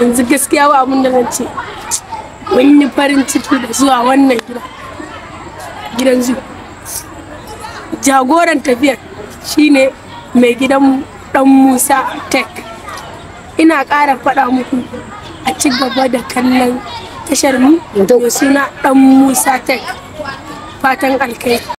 yanzu gaskiya ba abin da zan ce mun yi farin ciki da zuwa wannan gida gidan zu jagoran tafiyar shine mai gidan dan musa tech ina ƙara faɗa muku a ci gaba da kallon tashar mu da suna dan musa tech fatan alkai